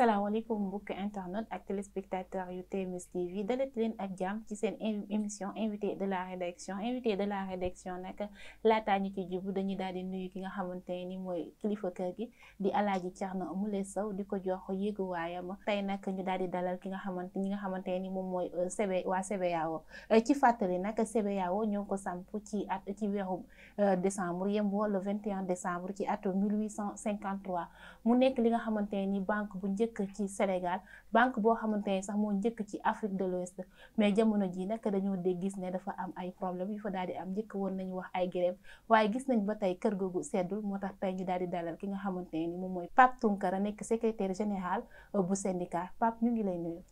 salaamaaleykum mbokki internet ak téléspectateur yu TMS TV dalet leen ak jàmm ci seen émission invité de la rédaction invité de la rédaction nag laataa ñu ci jubu dañuy daal di nuyu ki nga xamante ni mooy kilifa kër gi di alaaji Thierno Moule Sow di ko jox yéeguwaayam tey nag ñu daal di dalal ki nga xamante ñi nga xamante ni moom mooy euh, sebe waa CBAO ci fàttali nag CBAO ñoo ko samp ci at ci weeru Euh, décembre yem wala 21 décembre ci atum 1853 mu nekk li nga xamante ni banque bu njëkk ci Sénégal banque boo xamante ni sax moo njëkk ci Afrique de l'Ouest mais jamono ji nag dañoo dégg gis ne dafa am ay problème yu fa daal am njëkk woon nañu wax ay grève waaye gis nañ ba tey kër googu seddul moo tax tey ñu daal di dalal ki nga xamante ni moom mooy Pape Tounkara nekk secrétaire général euh, bu syndicat Pape ñu ngi lay nuyu.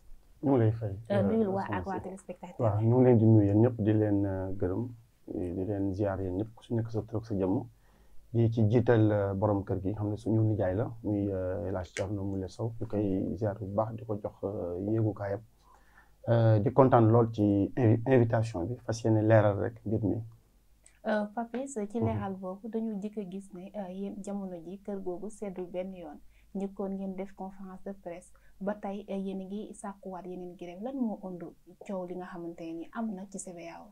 ñu ngi lay fay. Euh, nuyul waa ñu ngi leen di di leen ziar yéen ñëpp ku si nekk sa tur sa jëmm di ci jiital euh, borom kër gi xam ne suñu nijaay la muy euh, El Hadj Thierno Moule Sow ñu koy ziar bu baax di ko jox euh, yéegukaayam di kontaan lool ci invitation bi fas leeral rek mbir mi. Mhm. boobu dañu jëkk a gis ne yéen jamono ji kër googu seddul benn yoon njëkkoon ngeen def conférence de presse ba tey yéen ngi sàkkuwaat yeneen grève lan moo ënd li nga xamante ni am na ci CBAO.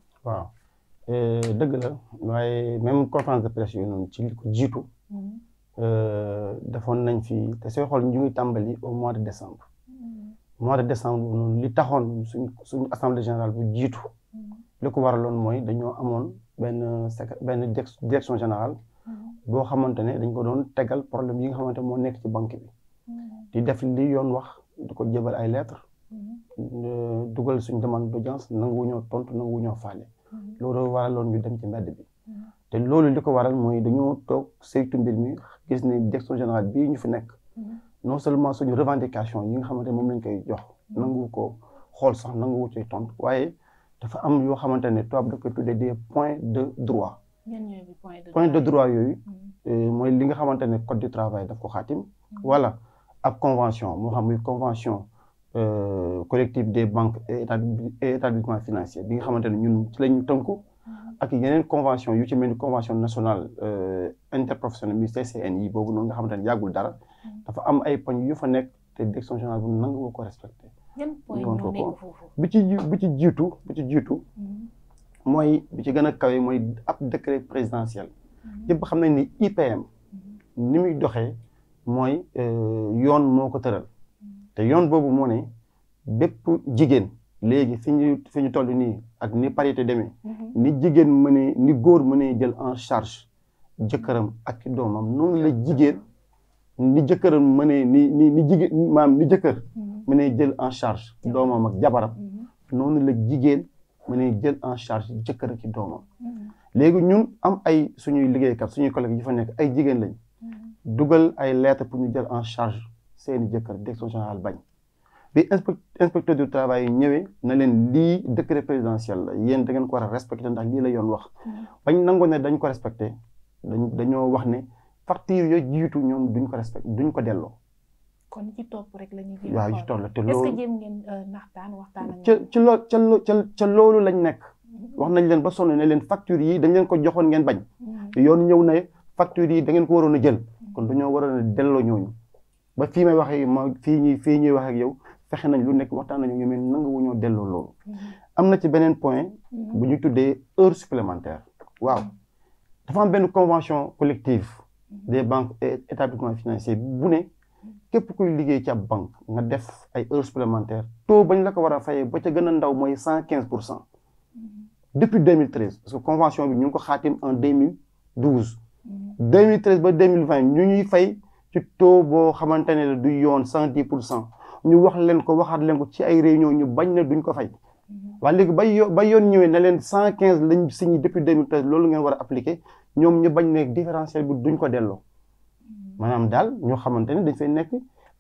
Euh, dëgg la waaye même conférence de presse yooyu noonu ci li ko jiitu. Mm-hmm. Euh, defoon nañ fi te sooy xool ñu tàmbali au mois de décembre. Mm-hmm. mois de décembre noonu li taxoon suñ suñu assemblée générale bu jiitu. Mm-hmm. li ko waraloon mooy dañoo amoon benn secré benn direction général boo xamante ne dañ ko doon tegal problème yi nga xamante moo nekk ci banque bi. di def li yoon wax di ko jébal ay lettres. Euh, dugal suñ demande d'audience nanguwu ñoo tontu nanguwu ñoo faale. loolu waraloon ñu dem ci mbedd bi hmm. te loolu li ko waral mooy dañoo toog saytu mbir mi gis ni direction générale bii ñu fi nekk hmm. non seulement suñu revendication yi nga xamante moom lañ koy jox nangu ko xool sax nangu wu tontu waaye dafa am yoo xamante ne tubaab da koy tuddee des points de droit point de droit yooyu hmm. eh, mooy li nga xamante ne code du travail daf ko xaatim wala ab convention moo xam muy convention Euh, collectif des banques et établissements bi nga xamante ne ñun ci lañu tënku mm-hmm. ak yeneen convention yu ci mel ni convention nationale euh, interprofessionnelle mi CCN yi boobu noonu nga xamante ne yàggul dara mm-hmm. dafa am ay poñ yu fa nekk te direction générale bu nangu woo ko respecté bi ci bi ci jiitu bi ci jiitu mm-hmm. mooy bi ci gën a kawe mooy ab décret présidentiel yëpp xam nañ ni IPM ni muy doxee mooy euh, yoon moo ko tëral te yoon boobu moo ne bépp jigéen léegi fi ñu fi ñu nii ak ni parité demee mhm. ni jigéen mënee ni góor mënee jël en charge jëkkëram ak i doomam noonu la jigéen ni jëkkëram mënee ni ni ni jigéen maam ni jëkkër mhm. mënee jël en charge doomam ak jabaram mhm. noonu la jigéen mënee jël en charge jëkkër ak i doomam léegi ñun am ay suñuy liggéeykat suñu collègue yi fa nekk ay jigéen lañ dugal ay lettre pour ñu jël en charge seeni jëkkër direction générale bañ bi inspecteur du travail yi ñëwee na leen lii décret présidentiel la yéen da ngeen ko war a respecté ndax lii la yoon wax hmm. bañ nangoo ne dañ ko respecté dañ dañoo wax ne facture yooyu jiitu ñoom duñ ko respecté duñ ko delloo. kon ci topp rek la ñuy. waaw ci topp te loolu est-ce que jéem ngeen euh, naxtaan waxtaan ak. ca ca lañ nekk. Hmm. wax nañ leen ba sonn ne leen facture yi dañ leen ko joxoon ngeen bañ. Hmm. yoon ñëw na facture yi da ngeen ko waroon a jël. kon dañoo waroon a delloo ñooñu. ba fii may waxee ma fii ñuy fii ñuy wax ak yow fexe nañ lu nekk waxtaan nañu ñoom it nanguwuñoo delloo loolu. Mm-hmm. am na ci beneen point. Mm-hmm. bu ñu tuddee heure supplémentaire. waaw mm-hmm. dafa am benn convention collective. des banques et établissements financiers bu ne. képp kuy liggéey ci ab banque nga def ay heures supplémentaires taux bañ la ko war a fayee ba ca gën a ndaw mooy cent quinze pour cent depuis 2013 parce que convention bi ñu ngi ko xaatim en 2012. 2013 ba 2020 ñu ñuy fay ci boo xamante ne du yoon cent dix pour cent ñu wax leen ko waxaat leen ko ci ay réunion ñu bañ na duñ ko fay waaye léegi ba yo ba yoon ñëwee na leen cent quinze lañ signé depuis deux mille treize loolu ngeen war a appliqué ñoom ñu bañ ne différentiel bi duñ ko delloo maanaam daal ñoo xamante ne dañ fee nekk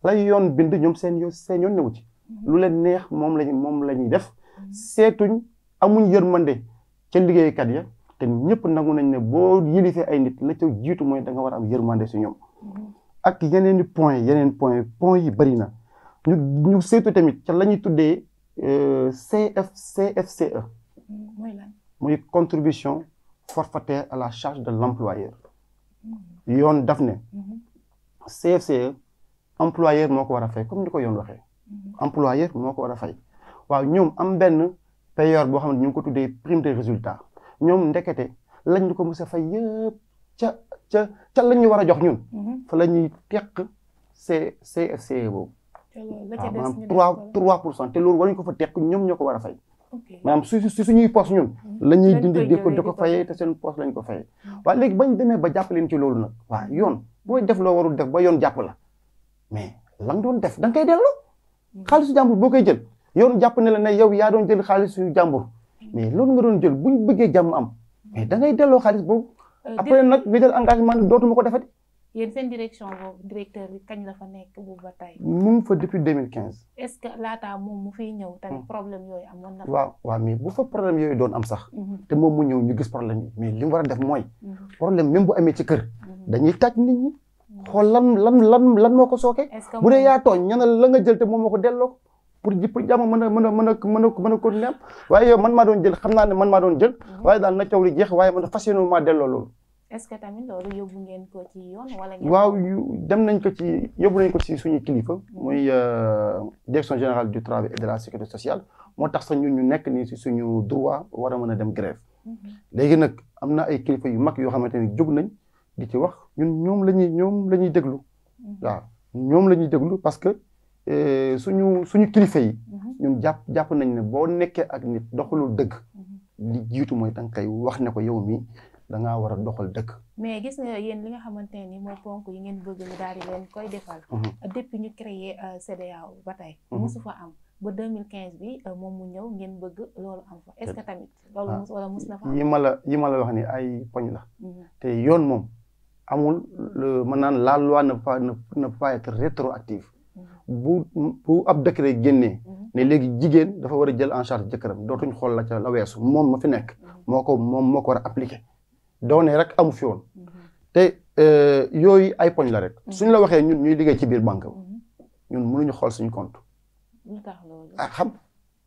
lay yoon bind ñoom seen yoon seen yoon newu ci lu leen neex moom lañ moom la ñuy def seetuñ amuñ yërmande ca liggéeykat ya te ñëpp nangu nañ ne boo yilifee ay nit la ca mooy da nga war a am yërmande si ñoom ak yeneen i point yeneen point point yi bëri na ñu ñu tamit ca la ñuy tuddee euh, CF CFCE muy contribution forfaitaire à la charge de l'employeur yoon daf ne CFCE employeur moo ko war a fay comme ni ko yoon waxee employeur moo ko war a fay waaw ñoom am benn payeur boo xam ne ñu ngi ko tuddee prime de résultat ñoom ndekete lañ ñu ko mës a fay yëpp ca ca ca lañ ñu war a jox ñun. Mhm. fa la ñuy teq C CFCE boobu. waaw maanaam trois trois pour cent te loolu waruñu ko fa teq ñoom ñoo ko war a fay. maanaam su su suñuy poos ñun. Mhm. la ñuy dindi di ko di ko fayee te seen poos lañ ko fayee. Mhm. waaye léegi bañ demee ba jàpp leen ci loolu nag waaw yoon booy def loo warul def ba yoon jàpp la mais la nga doon def da nga koy delloo. xaalisu jàmbur boo koy jël yoon jàpp ne la ne yow yaa doon jël xaalisu jàmbur mais loolu nga doon jël buñ bëggee jàmm am mais da ngay delloo xaalis boobu Euh, après nag bi jël engagement dootuma ko defati. yéen seen direction boobu directeur bi kañ la fa nekk boobu ba tey. mu ngi fa depuis 2015. est ce que laataa moom mu fiy ñëw tamit hmm. problème yooyu amoon na. waaw waaw mais bu fa problème yooyu doon am sax. Hmm. te moom mu ñëw ñu gis problème yi mais li mu a def mooy. Hmm. problème même bu amee ci kër. dañuy taaj nit ñi. ko sooke. bu dee yaa tooñ ñana la nga jël te moom moo delloo pour pour jàmm a mën a mën a a doon jël xam naa ne man maa doon jël mhm. waaye waaw dem nañ ko ci yóbbu nañ ko ci suñu kilifa muy euh, direction générale du travail et de la sécurité sociale moo tax sax ñun ñu nekk nii si suñu droit war a mën a dem grève mhm. léegi nag am na ay kilifa yu mag yoo xamante ni jóg nañ di ci wax ñun ñoom la ñuy ñoom la ñuy déglu mhm. waaw ñoom la ñuy Euh, suñu suñu kilifa yi. Mhm. ñun jàpp nañ ne boo nekkee ak nit doxalul dëgg. Mhm. li jiitu mooy danga koy wax ne ko yow mi da ngaa war a doxal dëgg. mais gis nga yéen li nga xamante ne nii mooy ponk yi ngeen bëgg ñu daal koy defal. Mhm. depuis ñu euh, tey. mosu fa ba 2015 bi euh, moom mu ñëw ngeen bëgg loolu am fa est-ce que tamit. Ah. yi ma la yi ma la wax ni ay poñ la. te yoon moom amul mën naan la loi ne pas ne pas rétroactive. bu bu ab décret génnee mhm. ne léegi jigéen dafa war a jël en charge jëkkëram dootuñ xool la ca la weesu moom moo fi nekk mhm. moo ko moom moo ko war a appliquer doone rek amu fi woon mhm. te euh, yooyu ay poñ la rek suñ la waxee ñun ñuy liggéey ci biir banque bi ñun mënuñu xool suñu compte ah xam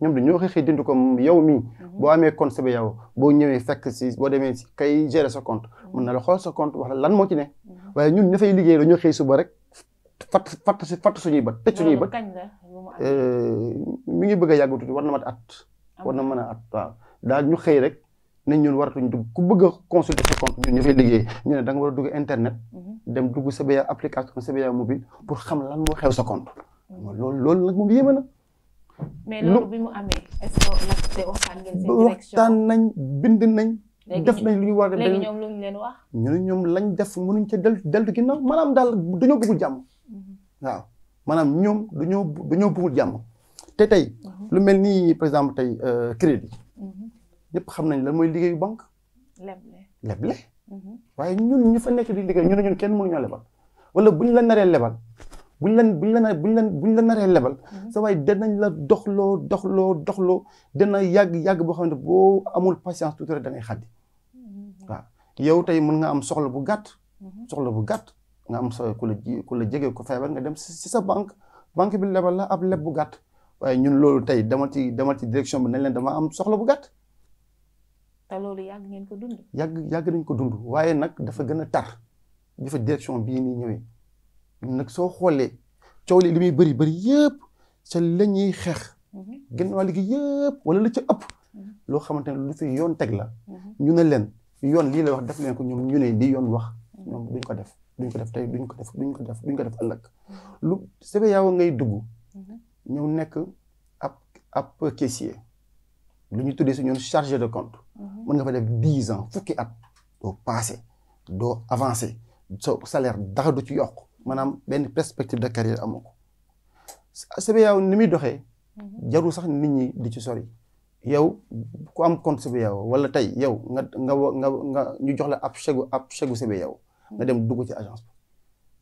ñoom dañoo xëy xëy dindi ko yow mii boo amee compte sa yow boo ñëwee fekk si boo si kay gérer sa compte mun na la xool sa compte wax la lan moo ci ne waaye ñun ña fay liggéey dañoo xëy suba rek fatt fatt fatt suñuy ba tëj suñuy bët euh, mi ngi bëgg a yàgg tuuti war na mat at war na mën a at daal ñu xëy rek nañ ñun waratuñ dugg ku bëgg a consulter sa compte ñun ñu ne da nga war a dugg internet mhm. dem dugg CBA application CBA mobile pour xam lan moo xew sa compte mhm. lool loolu nag moom yéeme na mais loolu bi mu amee est-ce que waxtaan ngeen seen direction nañ bind nañ def nañ lu ñu war a def léegi ñu leen wax ñun ñoom lañ def mënuñ ca dellu dellu ginnaaw maanaam daal dañoo bëggul jàmm waaw maanaam ñoom dañoo dañoo bëggul jàmm te tey. lu mel nii par exemple tey euh, crédit. Mhm. ñëpp xam nañ la mooy liggéeyu banque. leble leble. Mhm. waaye ñun ñu fa nekk di liggéey ñu ne ñun kenn mënuñoo lebal wala buñ la naree lebal. buñ la buñ la buñ la buñ la naree lebal. Mhm. sa waaye danañ la doxloo doxloo doxloo dana yàgg yàgg boo xam ne boo amul patience tuuti rek da waaw yow tey mën nga am soxla bu gàtt. soxla bu gàtt nga am sa ku la ji ku la jege ko feebar nga dem si sa banque banque bi lebal la ab leb bu gàtt waaye ñun loolu tey demal ci demal ci direction bi nañ leen dama am soxla bu gàtt. te loolu yàgg ko dund. yàgg yàgg nañ ko dund waaye nag dafa gën a tar bi fa direction bii nii ñëwee nag soo xoolee coow li li muy bëri bëri yëpp ca la ñuy xeex. gën waa liggéey yëpp wala la ca ëpp. Mhm. loo xamante ne lu fi yoon teg la. Mhm. ñu ne leen yoon lii la wax def leen ko ñoom ñu ne di yoon wax. Mhm. ñoom duñ ko def. duñ ko def tey duñ ko def lu ñu ko def duñ ko def ëllëg lu CBAO ngay dugg mhm. ñëw nekk ab ab caissier lu ñu tuddee si ñoom chargé de compte mhm. mën nga fa def dix ans fukki at doo passé doo avancé sa salaire dara du ci yokk maanaam benn perspective de carrière amoo ko CBAO ni muy doxee mhm. jarul sax nit ñi di ci sori yow ku am compte CBAO wala tey yow nga nga nga nga ñu jox la ab chèque ab chèque CBAO nga dem dugg ci agence bi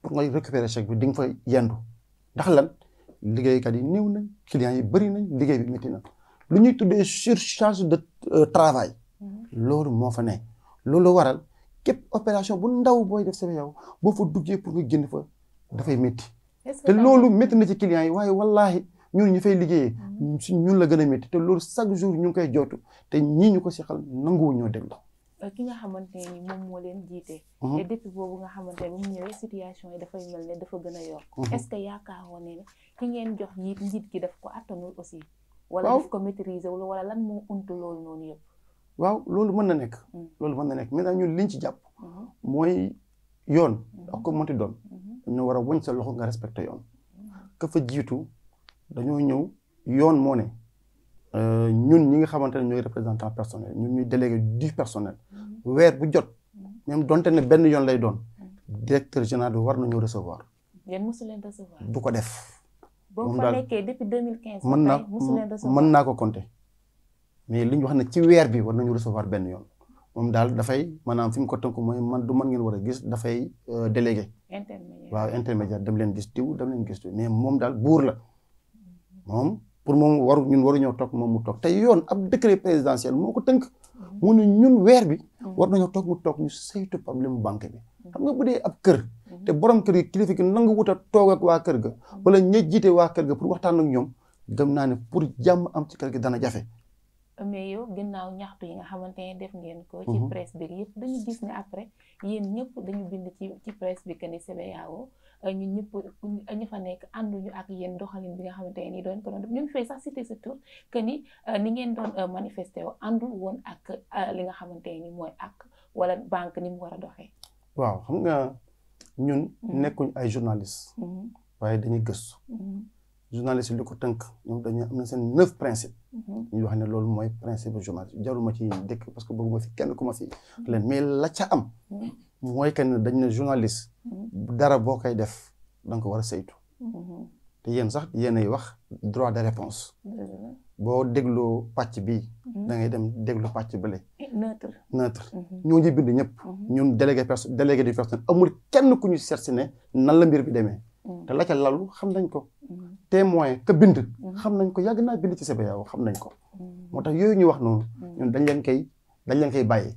pour nga récupérer chèque bi di nga fa yendu ndax lan liggéeykat yi néew nañ clients yi bëri nañ liggéey bi métti na lu ñuy tuddee surcharge de euh, travail mm-hmm. loolu moo fa nekk loolu waral képp opération bu ndaw booy def sama yow boo fa duggee pour nga génn fa dafay métti te loolu métti na ci clients yi waaye wallaahi ñun ñu fay liggéeyee mm-hmm. ñun la gën a métti te loolu chaque jour ñu ngi koy jootu te ñii ñu ko seqal nanguwu ñoo déglu Euh, ki nga xamante ni moom moo leen jiite. Mhm. te depuis boobu nga xamante ni bu mu ñëwee situation yi dafay mel ne dafa gën a yokk. Mhm. est-ce que yaakaaroon ne ki ngeen jox njiit njiit gi daf ko attanul aussi. wala daf ko maîtriser wul wala lan moo untu loolu noonu yëpp. waaw loolu mën na nekk. Mm. loolu mën na nekk maintenant ñun liñ ci jàpp. Mhm. mooy yoon. ak ko mënti doon. dañoo war a sa loxo nga respecté yoon. ka fa jiitu dañoo ñëw yoon moo ne. Euh, ñun ñi nga xamante ne ñooy représentant personnel ñun ñuy délégué du personnel mm-hmm. weer bu jot même donte benn yoon lay doon mm-hmm. directeur bi war nañoo recevoir. yéen ko def. boo fa nekkee naa ko compter. mais li ñu wax ne ci weer bi war nañu recevoir benn yoon moom daal dafay maanaam fi mu ko tënk mooy du man ngeen war a gis dafay euh, délégué. intermédiaire waaw intermédiaire dem leen gis diw dem leen gis moom daal buur la mm-hmm. pour moom waru ñun waruñoo toog moom mu toog te yoon ab décret présidentiel moo ko tënk mu ne ñun weer bi war nañoo toog mu toog ñu saytu problème mu banque bi xam nga bu dee ab kër te borom kër gi kilifa gi nangu wut a toog ak waa kër ga wala ña jiite waa kër ga pour waxtaan ak ñoom gëm naa ne pour jàmm am ci kër gi dana jafe mais yow ginnaaw ñaxtu yi nga xamante ne def ngeen ko. ci mhm. presse bi yëpp dañu gis ne après yéen ñëpp dañu bind ci ci presse bi que ni Euh, ñun ñëpp euh, ñu fa nekk ànduñu ak yéen doxalin bi nga xamante ne nii doon ko doon ñu ngi fay sax cité sa tur que ni euh, ni ngeen doon manifester wu àndul woon ak li nga xamante ne mooy ak wala banque ni mu war a doxee. waaw xam nga ñun. Mm-hmm. nekkuñ ay journaliste mm-hmm. waaye dañuy gëstu. Mm-hmm. journaliste li ko tënk ñoom dañuy am na seen neuf principe ñu wax ne loolu mooy principe journaliste jaruma ci dëkk parce que bëgguma fi kenn ku fi leen mais la ca am. mooy que ne dañ ne journaliste. dara boo koy def da ko war a saytu. te yéen sax yéenay wax droit de réponse boo dégloo pàcc bi da ngay dem déglu pàcc bële. Eh, neutre neutre. Mhm. ñoo ngi bind ñëpp. Mhm. ñun délégué perso délégué du personnel amul kenn ku ñu seet si ne nan la mbir bi demee. Mhm. te la ca lalu xam nañ ko. témoin ka bind. xam nañ ko yàgg naa bind ci CBAO xam nañ ko. moo tax yooyu ñu wax noonu. ñun dañ leen koy dañ leen koy bàyyi.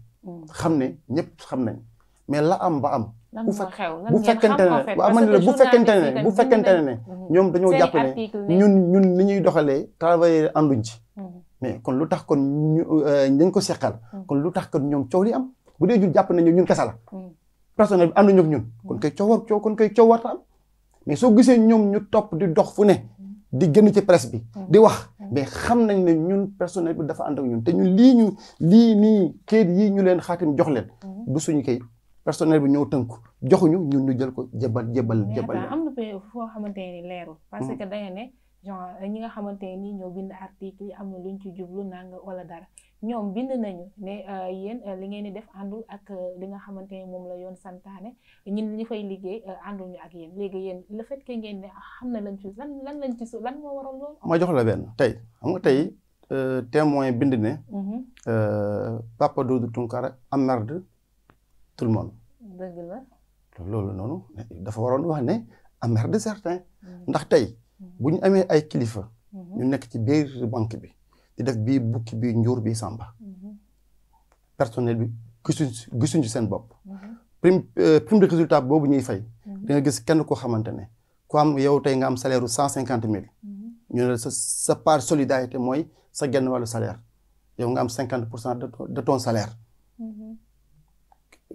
xam ne ñëpp xam nañ. mais la am ba am. bu fekkee bu fekkente ne waaw man la bu fekkente ne bu fekkente ne ñoom dañoo jàpp ne ñun ñun ni ñuy doxalee travailleur ànduñ ci. Hmm. mais kon lu tax kon ñu euh, dañ ko seqal. Hmm. kon lu tax kon ñoom coow li am bu dee ñun jàpp nañu ñun kasa la. Hmm. personnel bi ànduñu ak ñun. kon kay coow war coow kon kay coow warta am mais soo gisee ñoom ñu topp di dox fu ne. di génn ci presse bi. di wax mais xam nañ ne ñun personnel bi dafa ànd ak ñun te ñun lii ñu lii nii kayit yii ñu leen xaatim jox leen. du suñu kayit. personnel bi ñoo tënku joxuñu ñun ñu jël ko jëbal jébal jébal. mais am na foo xamante ne leerul. parce hmm. que da nga ñi nga xamante ne nii ñoo bind article yi am na ñu ci jublu nang wala dara ñoom bind nañu ne euh, yéen euh, li ngeen di def àndul ak euh, li nga xamante ne moom la yoon santaane ñun ñi fay liggéey àndul ñu ak yéen léegi yéen le fait que ngeen ne ah, xam na lañ ci lan lan lañ ci lan moo waral loolu. ma jox la benn tey xam nga tey témoin bind ne. Mhm. Papa Doudou Tunkara am merde tout le loolu noonu dafa waroon wax ne amer de certain. Mm-hmm. ndax tey mm-hmm. bu ñu amee ay kilifa. Mm-hmm. ñu nekk ci biir banque bi di def bii bukki bii njuur bii sàmba. personnel bi gisuñ seen bopp. prime euh, prime de résultat boobu ñuy fay. da gis kenn koo xamante ne ku am yow tey nga am salaire cent cinquante mille. ñu ne sa sa part solidarité mooy sa genn wàllu salaire yow nga am cinquante pour cent de ton de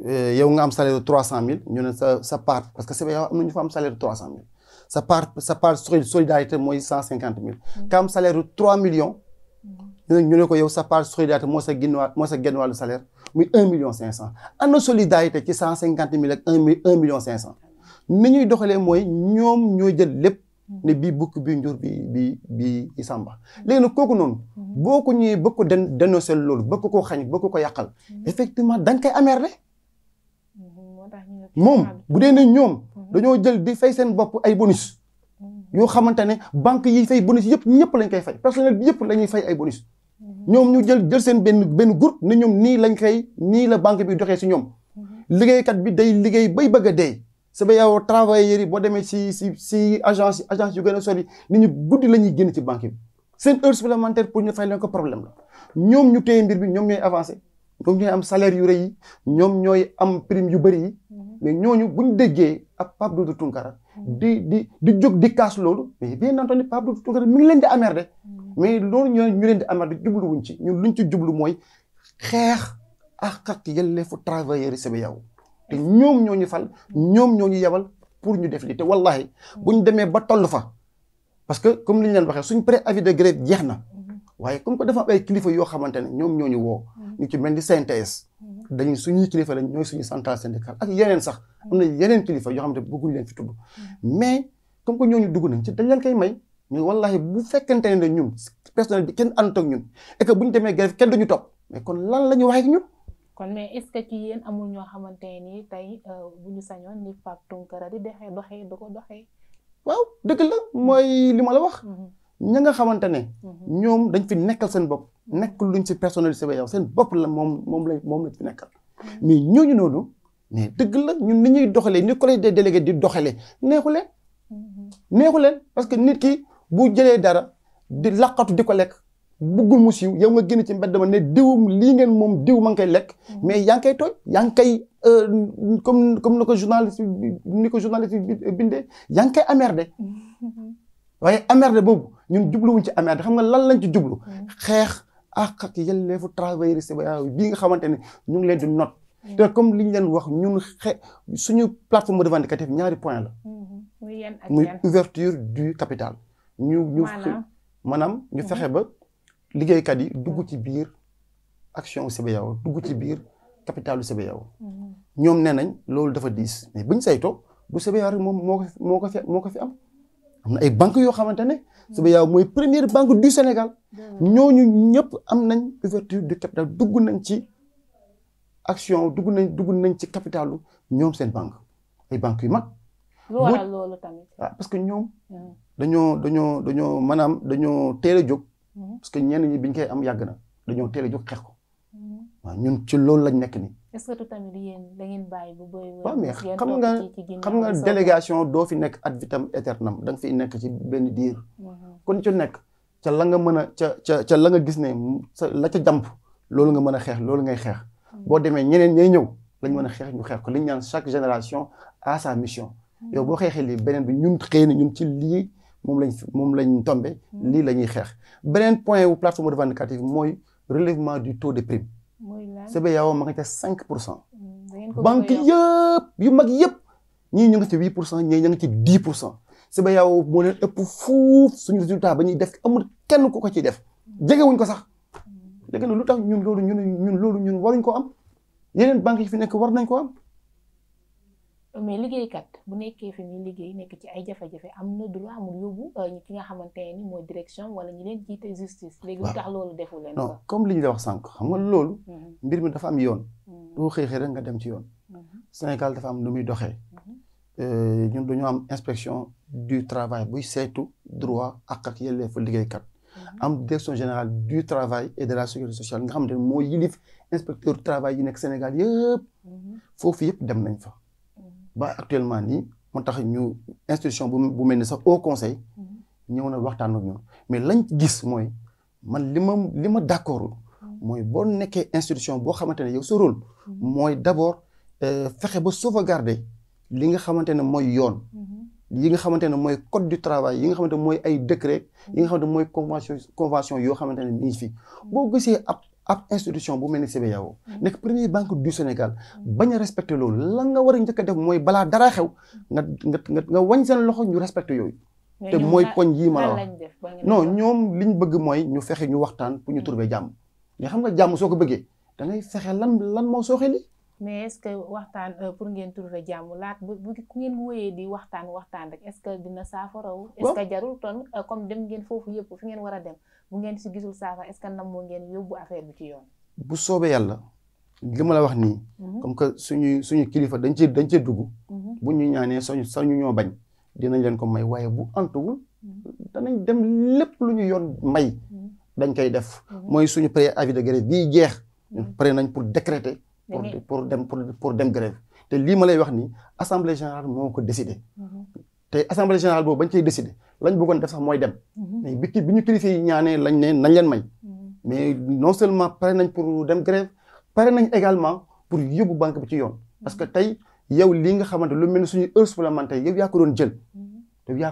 Eh, yow nga am salaire trois cent mille ñu ne sa sa part parce que CBAO am na ñu fa am salaire trois cent mille sa part sa part solidarité mooy cent cinquante mille mm-hmm. am salaire trois millions mm-hmm. ñu ne ko yow sa part solidarité moo sa ginnaaw moo sa genn wàllu salaire muy un million cinq cent ana solidarité ci cent cinquante mil ak un un million cinq cent ni ñuy doxalee mooy ñoom ñoo jël lépp ne bii bukk bi njur bi bi bi sàmba mm-hmm. léegi nag kooku noonu boo ko ñëwee bëgg ko den dénoncé loolu bëgg ko xañ bëgg ko yàqal effectivement dañ koy amer de moom bu dee ne ñoom dañoo jël di fay seen bopp ay bonus yoo xamante ne banque yi fay bonus yëpp ñëpp lañ koy fay personnel bi yëpp fay ay bonus ñoom ñu jël jël seen benn benn groupe ne ñoom nii lañ koy nii la banque bi doxee si ñoom liggéeykat bi day liggéey bay bëgg a dee yow travailleurs yi boo demee si si si agence agence yu gën a sori nit ñu guddi la ñuy génn si banque bi seen heure supplémentaire pour ñu fay leen ko problème la ñoom ñu téye mbir bi ñoom ñooy avancé ñoom ñooy am salaire yu rey yi ñoom ñooy am prime yu bëri yi mais ñooñu bu ñu déggee ab Pape Doudou Tunkara di di di jóg di kaas loolu mais bien entendu Pape Doudou Tunkara mi ngi leen di amerde mm. mais loolu ñoo ñu leen di amerde jubluwuñ ci ñun luñ ci jublu mooy xeex ak ak yelleefu travailleurs yi sama yow te ñoom ñoo ñu fal ñoom ñoo ñu yebal pour ñu def lii te wallahi mm. ñu demee ba toll fa parce que comme li ñu leen waxee suñ préavis de grève jeex na mm. waaye comme que dafa am ay kilifa yoo xamante ne ñoom ñoo ñu woo. Mm-hmm. ñu ci mel ni CNTS. Mm-hmm. dañuy suñuy kilifa lañ ñooy suñu centrale syndicale ak yeneen sax mm-hmm. am na yeneen kilifa yoo xamante ne bëgguñu leen fi tudd. mais comme que ñooñu dugg nañ ci dañ leen koy may ñu wallahi bu fekkente ne ñun personnel bi kenn àndut ak ñun et que bu ñu demee grève kenn duñu topp mais kon lan la ñu wax ak ñun. kon mais est-ce que ci yéen amul ñoo xamante ni tey euh, bu ñu sañoon ni Pape Tounkara di doxee doxee du ko doxee. waaw dëgg la mooy li ma la wax. ña nga xamante ne. Mm-hmm. ñoom dañ fi nekkal seen bopp nekkul luñ si personnalisé ba yow seen bopp la moom moom lañ moom lañ fi nekkal. Mm-hmm. mais ñu noonu mais dëgg la ñun ni ñuy doxalee ni collège des délégués di doxalee neexu leen. Mm-hmm. neexu leen parce que nit ki bu jëlee dara di laqatu di ko lekk. buggul mu siiw yow nga génn ci mbedd ma ne diw lii ngeen moom diw ma ngi koy lekk. mais yaa kay koy tooñ yaa euh, comme comme ni ko journaliste ni ko journaliste bindee yaa ngi koy amerde. waaye amerde boobu ñun jubluwuñ ci amerde xam nga lan lañ ci jublu hmm. xeex ak ak yelleefu travailleurs CBAO bii nga xamante ne ñu ngi leen di not hmm. te comme li ñu leen wax ñun xe suñu plateforme revendicative ñaari point la hmm. muy ouverture du capital ñu ñu maanaam ñu fexe ba liggéeykat yi dugg ci biir action CBAO dugg ci biir capitalu CBAO ñoom nee nañ loolu dafa diis mais buñ saytoo bu CBAO rek moom moo ko moo ko moo ko fi am ay banques yoo xamante ne Sibeyaaw mooy première banque du Sénégal ñooñu ñëpp am nañ ouverture de capital dugg nañ ci action dugg nañ dugg nañ ci capitalu ñoom seen banque ay banques yu mag. lu ah, parce que ñoom. Ah. dañoo dañoo dañoo maanaam dañoo teel a jóg. Mm-hmm. parce que ñenn ñi biñ koy am yàgg na dañoo teel a jóg xeex ko. Mm-hmm. waaw ñun ci loolu lañ nekk nii. est-ce que tamit yéen da ngeen bàyyi bu bëri. waaw mais xam nga xam nga délégation doo fi nekk ad vitam aeternam da nga fiy nekk ci benn diir. kon ci nekk ca la nga mën a ca ca ca la nga gis ne sa la ca jàmp loolu nga mën a xeex loolu ngay xeex. Hmm. boo demee ñeneen ñay ñëw lañ mën a xeex ñu xeex ko li ñu naan chaque génération a sa mission. Hmm. yow boo xeexee lii beneen bi ñun xëy na ñun ci lii moom lañ moom lañ tombé. Hmm. lii la ñuy xeex beneen point wu plateforme revendicative mooy relèvement du taux de prime. CBAO ma nga ca cinq pour cent hmm, banque yëpp yu mag yëpp ñii ñu ngi ci huit pour cent ñii ñu ngi ci dix pour cent CBAO moo leen ëpp fuuf suñu résultat ba ñuy def amul kenn ku ko ciy def jegewuñ ko sax hmm. léegi nag lu tax ñun loolu ñun ñun loolu ñun waruñ ko am yeneen banque yi fi nekk war nañ ko am mais liggéeykat bu nekkee fi muy liggéey nekk ci ay jafe-jafe am na droit mu yóbbu euh, ki nga xamante ni mooy direction wala ñi leen jiite justice. léegi lu tax loolu defu comme li ñu la wax sànq xam nga loolu. Mm-hmm. mbir mi dafa am yoon. Mm-hmm. boo xëy nga dem ci yoon. Mm-hmm. Sénégal dafa am lu muy doxee. Euh, ñun dañoo am inspection du travail buy saytu droit ak ak liggéeykat. am direction générale du travail et de la sécurité sociale nga xam ne moo yilif inspecteur travail yi nekk Sénégal yëpp. foofu yëpp dem nañ fa. ba actuellement nii moo tax ñu institution bu bu mel ni sax au conseil ñëw na waxtaan ak ñun mais lañ gis mooy man li ma li ma d'accordul mooy boo nekkee institution boo xamante ne yow sa rôle mooy d'abord euh, fexe ba sauvegarder li nga xamante ne mooy yoon yi nga xamante ne mooy code du travail yi nga xamante mooy ay décret yi nga xamante mooy convention convention yoo xamante ne mi ngi boo gisee ab ab institution bu mel ni CBAO mm-hmm. nekk première banque du Sénégal bañ a loolu lan nga war a njëkk a def mooy balaa dara xew nga nga nga wañ seen loxo ñu respecté yooyu. te mooy poñ yii ma la wax non ñoom bëgg mooy ñu fexe ñu waxtaan pour ñu mm-hmm. turbe jàmm. mais xam nga jàmm soo ko bëggee da ngay lan lan moo sooxe mais est-ce que waxtaan euh, pour ngeen trouver jàmm laat bu bu ngeen wooyee di waxtaan waxtaan rek est-ce que dina saafarawu est-ce que jarul ton euh, comme dem ngeen foofu yëpp fi ngeen war a dem. bu ngeen si gisul saafara est-ce que moo ngeen yóbbu affaire bi ci yoon. bu soobee yàlla li ma la wax nii. Mhm. comme que suñuy suñu kilifa dañ ci dañ cee dugg. Mhm. bu ñu ñaanee sañu sañu ñoo bañ dinañ leen ko may waaye bu antuwul. Mhm. danañ dem lépp lu ñu yoon may. dañ koy def. mooy suñu préavis de grève bii jeex. pare nañ pour décréter. pour pour dem pour dem grève te lii ma lay wax nii assemblée générale moo ko décidé. te assemblée générale boobu bañ cay décider lañ bëggoon def sax mooy dem. Mhm. mais bi bi ñu kilifa yi ñaanee lañ ne nañ leen may. Mhm. mais non seulement pare nañ pour dem grève pare nañ également pour yóbbu banque bi ci yoon. parce que mhm. tey yow lii nga xamante lu mel ni suñuy heure supplémentaire yow yaa ko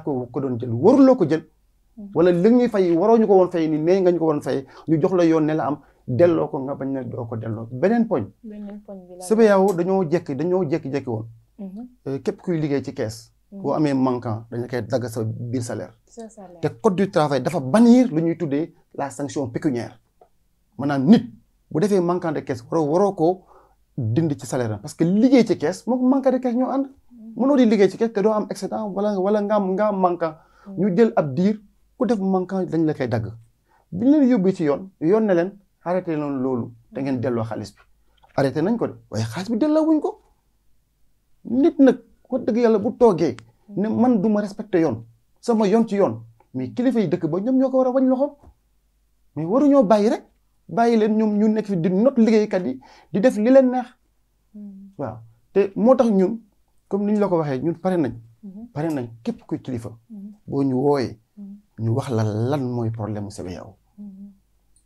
doon ko doon jël waruloo ko jël. wala li fay waroo ñu ko woon fay ni nee nga ñu ko woon fay ñu jox la yoon ne am delloo ko nga bañ ne doo ko delloo beneen poñ. beneen poñ bi la dañoo jekki dañoo jékki-jékki woon. Euh, képp kuy liggéey ci kees. boo mm. amee manquant dañu koy dagg sa biir salaire. te code du travail dafa bannir lu ñuy tuddee la sanction pécuniaire maanaam nit bu defee manquant de caisse waroo waroo ko dindi ci salaire am parce que liggéey ci kees moom manquant de caisse ñoo ànd. Mm. mënoo di liggéey ci caisse te doo am excédent wala wala nga am nga am manquant. Mm. ñu jël ab diir ku def manquant dañ la koy dagg. biñ leen yóbbee ci yoon yoon na leen arrêté leen loolu da ngeen delloo xaalis bi arrêté nañ ko de waaye ko nit ko dëgg yàlla bu toogee ne man du ma respecté yoon sama yoon ci yoon mais kilifa yi dëkk ba ñoom ñoo ko war a wañ loxo mais waruñoo bàyyi rek bàyyi leen ñoom ñu nekk fi di not liggéeykat yi di def li leen neex hmm. waaw te moo tax ñun comme ni ñu la ko waxee ñun pare nañ hmm. pare nañ képp kuy kilifa hmm. boo ñu wooyee ñu wax la lan mooy problème mu CBAO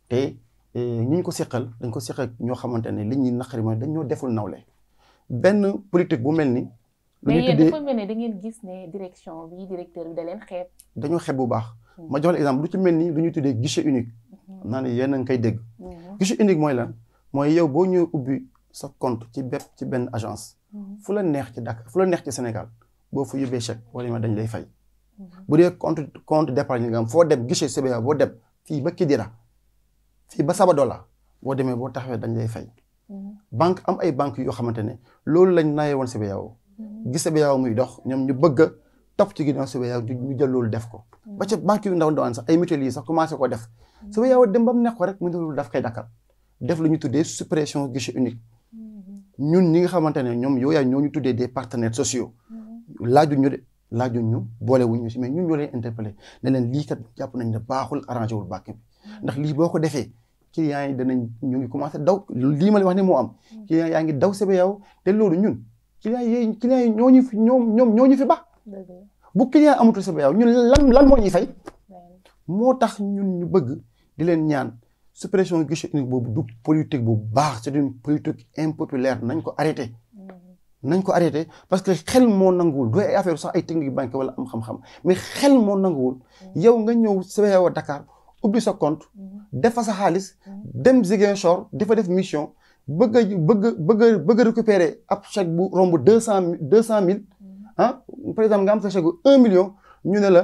te eh, ñi ñu ko seqal dañ ko seqal ñoo xamante ne li ñuy naqari ma dañ ñoo deful nawle benn politique bu mel ni mais da ngeen gis ne direction bi directeur bi da dañoo xeeb bu baax. Hmm. ma jox exemple lu ci mel ni lu ñu tuddee guichet unique. Hmm. xam naa ne yéen a koy dégg. Hmm. guichet unique mooy lan mooy yow boo ñëwee ubbi sa compte ci bépp ci benn agence. fu la neex ci Dakar fu la neex ci Sénégal boo fa yóbbee chèque wala ma dañ lay fay. bu dee compte compte d'épargne nga am foo dem guichet CBA boo dem fii ba Kidira fii ba Sabadola boo demee boo taxawee dañ lay fay. banque am ay banque yoo xamante ne loolu lañ naayee woon CBAO gis CBAO muy dox ñoom ñu bëgg a topp ci ginnaaw CBAO ñu jël loolu def ko. Mm. ba ca banque yu ndaw ndawaan sax ay mutuelle yi sax commencé ko def. CBAO mm. dem ba mu ko rek mu ne loolu daf koy lu ñu tuddee suppression guichet unique. Mm-hmm. ñun ñi nga xamante ne ñoom yow yaa ñoo ñu tuddee des partenaires sociaux. Mm-hmm. laajuñ ñu de laajuñ ñu boolewuñ si mais ñun ñoo leen interpellé ne leen lii jàpp nañ ne baaxul arrangé wul banque mm-hmm. ndax lii boo ko defee. clients yi danañ ñu ngi commencé daw lii ma la wax ne mu am. clients yaa ngi daw CBAO te loolu ñun client yooyu client yi ñoo ñu fi ñoom ñoom ñoo ñu fi ba. bu client amatul sa yow ñun lan lan moo ñuy fay. moo tax ñun ñu bëgg di leen ñaan suppression guichet unique boobu du politique bu baax c'est une politique impopulaire nañ ko arrêté. Mm-hmm. nañ ko arrêté parce que xel moo nanguwul du ay affaire sax ay technique banque wala am xam-xam mais xel moo nanguwul. Mm-hmm. yow nga ñëw sa yow Dakar ubbi sa compte. Mm-hmm. defa sa xaalis. dem Ziguinchor dafa def mission. bëgg a bëgg bëgg a bëgg a récupérer ab chèque bu romb deux cent deux cent mille hmm. ah par exemple nga am sa chèque un million ñu ne la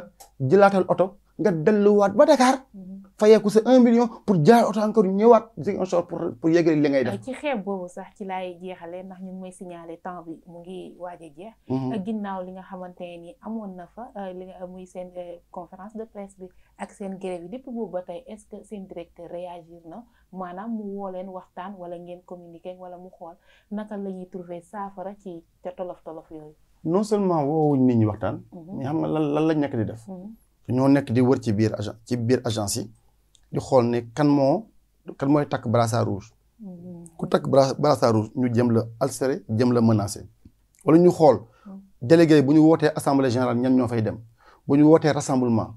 jëlaatal oto nga delluwaat ba Dakar. Hmm. fayeeku sa un million pour jaar oto encore ñëwaat Ziguinchor pour pour li ngay def. ci xeeb boobu sax ci laay jeexalee ndax ñun mooy signaler temps bi mu ngi waaj a mhm. ginnaaw li nga xamante ne nii amoon na fa euh, li muy seen euh, conférence de presse bi ak seen grève yi depuis boobu ba tey est-ce que seen directeur réagir na maanaam mu woo leen waxtaan wala ngeen communiqué wala mu xool naka la ñuy trouver saafara ci ca tolof tolof yooyu. non seulement woowuñ nit ñi waxtaan. Mhm. mais xam nga lan lan lañ nekk di def. Mhm. ñoo nekk di wër ci biir agence ci biir agence yi. ñu xool ne kan moo kan mooy takk brassard rouge. Mm-hmm. ku takk brassard rouge ñu jëm la alseré jëm la menacé. wala ñu xool mm-hmm. délégué bu ñu wootee assemblée générale ñan ñoo fay dem bu ñu wootee rassemblement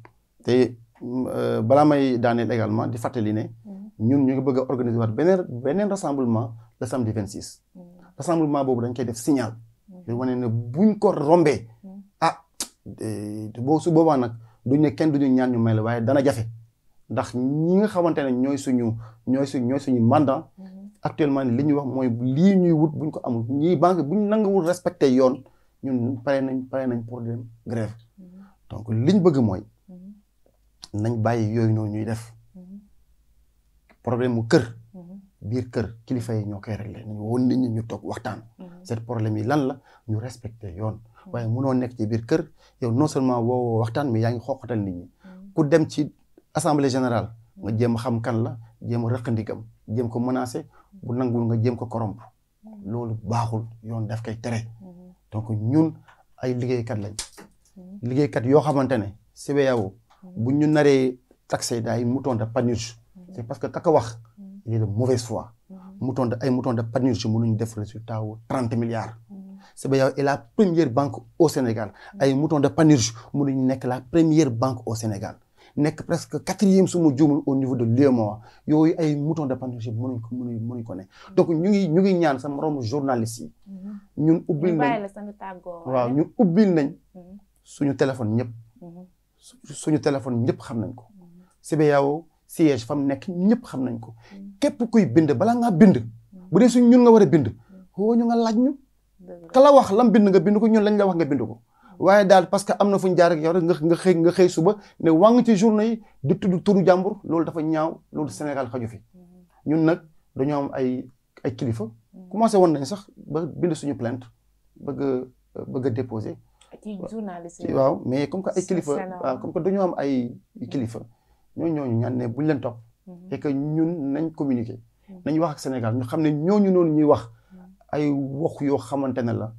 te euh, balaa may daaneel également di fàttali ne. Mm-hmm. ñun ñu ngi bëgg a organiser waat beneen beneen rassemblement le samedi 26. rassemblement boobu dañ koy def signal. di wane ne buñ ko rombee. ah boo su boobaa nag duñ ne kenn duñu ñaan ñu may ndax ñi nga xamante ne ñooy suñu ñooy suñ ñooy suñu mandat mhm. actuellement li ñuy wax mooy lii ñuy wut buñ ko amul ñii banque buñ nanguwul respecté yoon ñun pare nañ pare nañ problème grève mhm. donc liñ bëgg mooy mhm. nañ bàyyi yooyu noonu ñuy def problème mu kër biir kër kilifa yi ñoo kay réglé nañ woon nit ñi ñu toog waxtaan cette problème yi lan la ñu respecté yoon waaye mënoo nekk ci biir kër yow non seulement woo waxtaan mais yaa ngi xooqatal nit ñi ku dem ci assemblée générale nga jéem xam kan la jéem a rëq ndigam jéem ko menacé bu nangul nga jéem ko corrompre loolu baaxul yoon daf koy tere donc ñun ay liggéeykat lañ liggéeykat yoo xamante ne CBAO bu ñu naree taxé daay mouton de panurge c'est parce que kaka wax il est de mauvaise foi mouton de ay mouton de panurge mënuñ def résultat wu trente milliards CBAO est la première banque au Sénégal ay mouton panurge mënuñ nekk la première banque au Sénégal nekk presque quatrième suma juumul au niveau de l'UEMOA yooyu ay mouton de partnership mënuñ ko mënuñ mënuñ ko ne donc ñu ngi ñu ngi ñaan sa moromu journaliste yi mm-hmm. ñun ubbil nañ waaw nañ mm-hmm. suñu téléphone ñëpp mm-hmm. suñu téléphone ñëpp xam nañ ko CBAO siège fam nekk ñëpp xam nañ ko képp kuy bind bala ngaa bind bu dee suñ ñun nga war a bind woo ñu nga laaj ñu ka la wax lam bind nga bind ko ñun lañ la wax nga bind ko waaye daal parce que am na fu ñu jaar ak yow rek nga nga xëy nga xëy suba ne wàng ci journée yi di tudd turu jàmbur loolu dafa ñaaw loolu Sénégal xaju fi mm-hmm. ñun nag dañoo am ay ay kilifa. Mm-hmm. commencé woon nañ sax ba suñu plainte bëgg a bëgg waaw mais comme que ay kilifa waaw dañoo am ay mm-hmm. kilifa ñooñu ñooñu ñaan ne buñ leen topp. et ñun nañ communiqué nañ wax ak Sénégal ñu xam ne ñooñu noonu ñuy wax ay wax yoo xamante ne la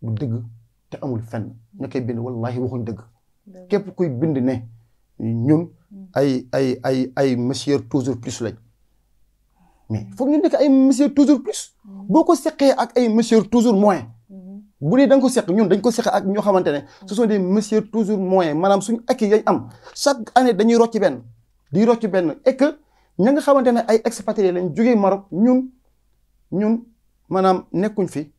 bu dëgg. te amul fenn ña koy bind wallahi waxuñ dëgg képp kuy bind ne ñun mm. ay ay ay ay monsieur toujours plus lañ mais foog ñu nekk ay monsieur toujours plus mm. boo ko seqee ak ay monsieur toujours moins mm-hmm. bu dee da ko seq ñun dañ ko seq ak ñoo xamante ne ce sont des toujours moins maanaam suñu acquis yañ am chaque année dañuy rocc benn di rocc benn et que ña nga xamante ne ay expatriés lañ jógee Maroc ñun ñun maanaam nekkuñ fi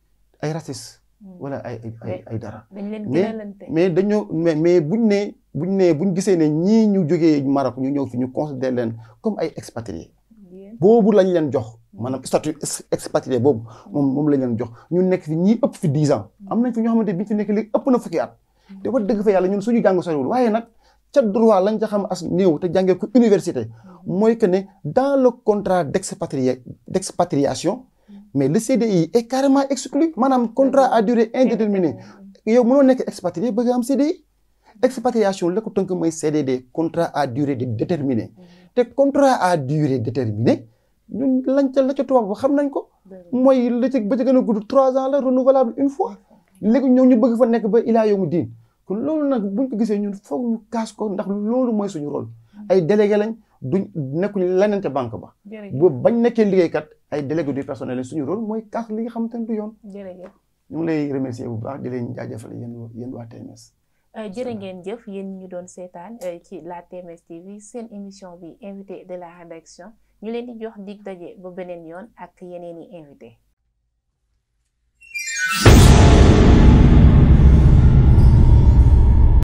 ay racistes Hmm. wala ay ay ay dara. dañ leen mais mais dañoo mais mais buñ nee buñ nee buñ gisee ne ñii ñu jógee Maroc ñu ñëw fi ñu considéré leen comme ay expatriés. boobu lañ leen jox. maanaam hmm. statut expatrié boobu moom moom lañ leen jox ñu nekk fi ñii ëpp fi dix ans. Hmm. am nañ fi ñoo xamante bi ñu fi nekk léegi ëpp na fukki at. te wax dëgg fa yàlla ñun suñu jàng soriwul waaye nag ca lañ ca xam as néew te jàngee ko université. mooy que ne dans le contrat d' expatrié d' expatriation. mais le CDI est carrément exclu maanaam contrat à durée indéterminée yow mënoo nekk expatrié bëgg am CDI. expatriation la ko tënk mooy CDD contrat à durée déterminée te contrat à durée déterminée ñun lañ ca la ca tubaab ba xam nañ ko. mooy la ca ba ca gën a gudd trois ans la renouvelable une fois léegi ñoom ñu bëgg fa nekk ba ilaa yow mu diin kon loolu nag buñ ko gisee ñun foog ñu kaas ko ndax loolu mooy suñu rôle ay délégué lañ. duñ nekkuñ lanante banque ba. ba bañ nekkee liggéeykat ay délégué du personnel suñu rôle mooy kaas li nga xamante ne du yoon. jërëjëf ñu ngi lay remercier bu baax di leen jaajëfal yéen yéen waa TMS. Euh, jërë ngeen jëf yéen ñu doon seetaan euh, ci la TMS TV seen émission bi invité de la rédaction ñu leen di jox dig daje ba beneen yoon ak yeneen i invité